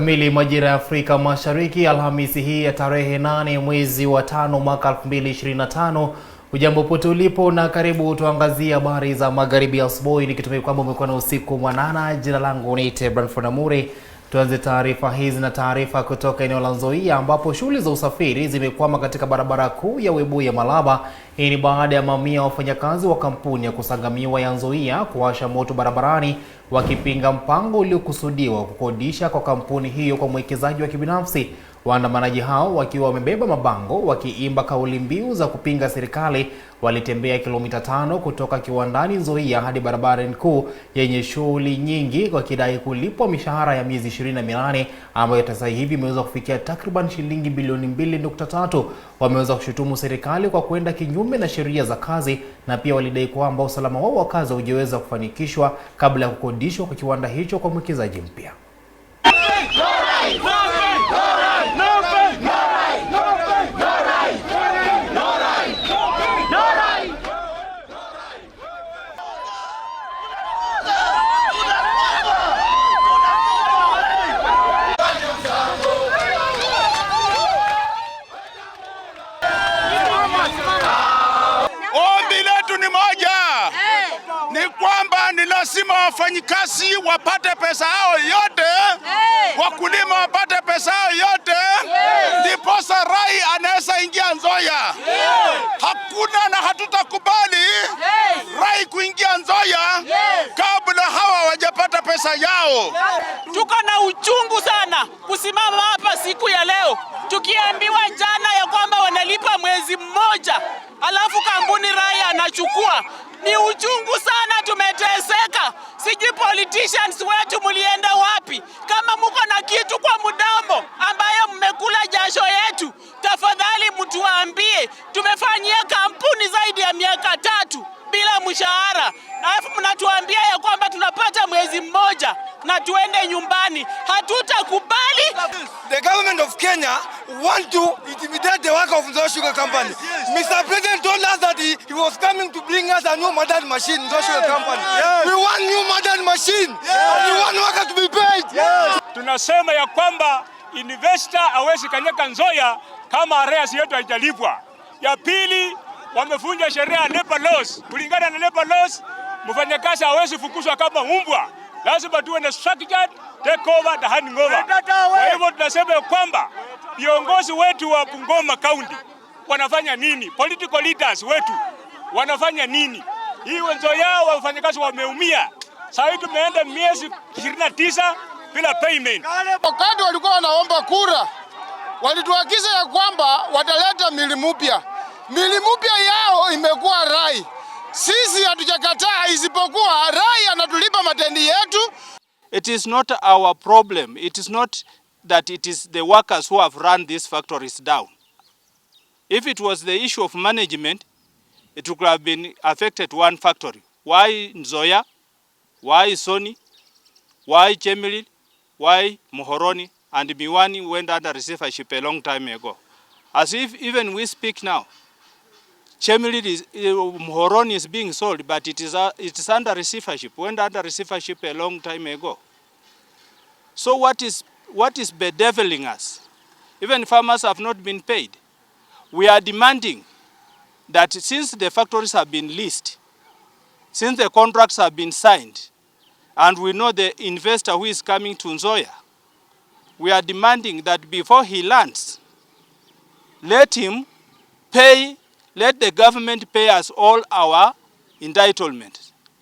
kamili majira ya Afrika Mashariki Alhamisi hii ya tarehe 8 mwezi wa tano mwaka 2025. Hujambo pote ulipo na karibu tuangazie habari za magharibi asubuhi, nikitumai kwamba umekuwa na usiku mwanana. Jina langu ni Branford Amuri Tuanze taarifa hizi na taarifa kutoka eneo la Nzoia ambapo shughuli za usafiri zimekwama katika barabara kuu ya Webuye Malaba. Hii ni baada ya mamia ya wafanyakazi wa kampuni ya kusangamiwa ya Nzoia kuwasha moto barabarani wakipinga mpango uliokusudiwa kukodisha kwa kampuni hiyo kwa mwekezaji wa kibinafsi. Waandamanaji hao wakiwa wamebeba mabango wakiimba kauli mbiu za kupinga serikali walitembea kilomita tano kutoka kiwandani Nzoia hadi barabara kuu yenye shughuli nyingi wakidai kulipwa mishahara ya miezi 28 ambayo sasa hivi imeweza kufikia takriban shilingi bilioni 2.3. Wameweza kushutumu serikali kwa kwenda kinyume na sheria za kazi na pia walidai kwamba usalama wao wa kazi haujaweza kufanikishwa kabla ya kukodishwa kwa kiwanda hicho kwa mwekezaji mpya. lazima wafanyikazi wapate pesa yao yote hey. Wakulima wapate pesa yao yote hey. Ndiposa Rai anaweza ingia Nzoia hey. Hakuna na hatutakubali hey. Rai kuingia Nzoia hey. Kabla hawa wajapata pesa yao Tuko na uchungu sana kusimama hapa siku ya leo tukiambiwa jana ya kwamba wanalipa mwezi mmoja alafu kampuni Rai anachukua ni uchungu sana, tumetese sijui politicians wetu mulienda wapi? Kama muko na kitu kwa mudambo ambayo mmekula jasho yetu, tafadhali mtuambie. Tumefanyia kampuni zaidi ya miaka tatu bila mshahara, alafu mnatuambia ya kwamba tunapata mwezi mmoja na tuende nyumbani. Hatutakubali. The government of Kenya want to intimidate the work of Nzo Sugar Company. Yes, yes. Mr. President told us that he, he was coming to bring us a new modern machine, Nzo Sugar Company. Yes. We want machine. Yes. One worker to be paid. Yes. Tunasema ya kwamba investor awezi kanyeka Nzoia kama areas yetu haijalipwa. Ya pili, wamevunja sheria ya labor laws. Kulingana na labor laws, mfanyakazi hawezi fukuzwa kama umbwa, lazima tuwe na structured takeover na handing over. Kwa hivyo tunasema ya kwamba viongozi wetu wa Bungoma County wanafanya nini? Political leaders wetu wanafanya nini? Hii nzoya wafanyakazi wameumia. Sasa tumeenda miezi 29 bila payment. Wakati walikuwa wanaomba kura, walituagiza ya kwamba wataleta milimu mpya. Milimu mpya yao imekuwa rai. Sisi hatujakataa, isipokuwa rai anatulipa matendi yetu. It is not our problem. It is not that it is the workers who have run these factories down. If it was the issue of management, it would have been affected one factory. Why Nzoia? why Soni, why Chemelil, why Muhoroni, and Miwani went under receivership a long time ago. As if even we speak now, Chemelil is, eh, Muhoroni is being sold, but it is, uh, it is under receivership, went under receivership a long time ago. So what is, what is bedeviling us? Even farmers have not been paid. We are demanding that since the factories have been leased, Since the contracts have been signed and we know the investor who is coming to Nzoia, we are demanding that before he lands, let him pay, let the government pay us all our entitlement.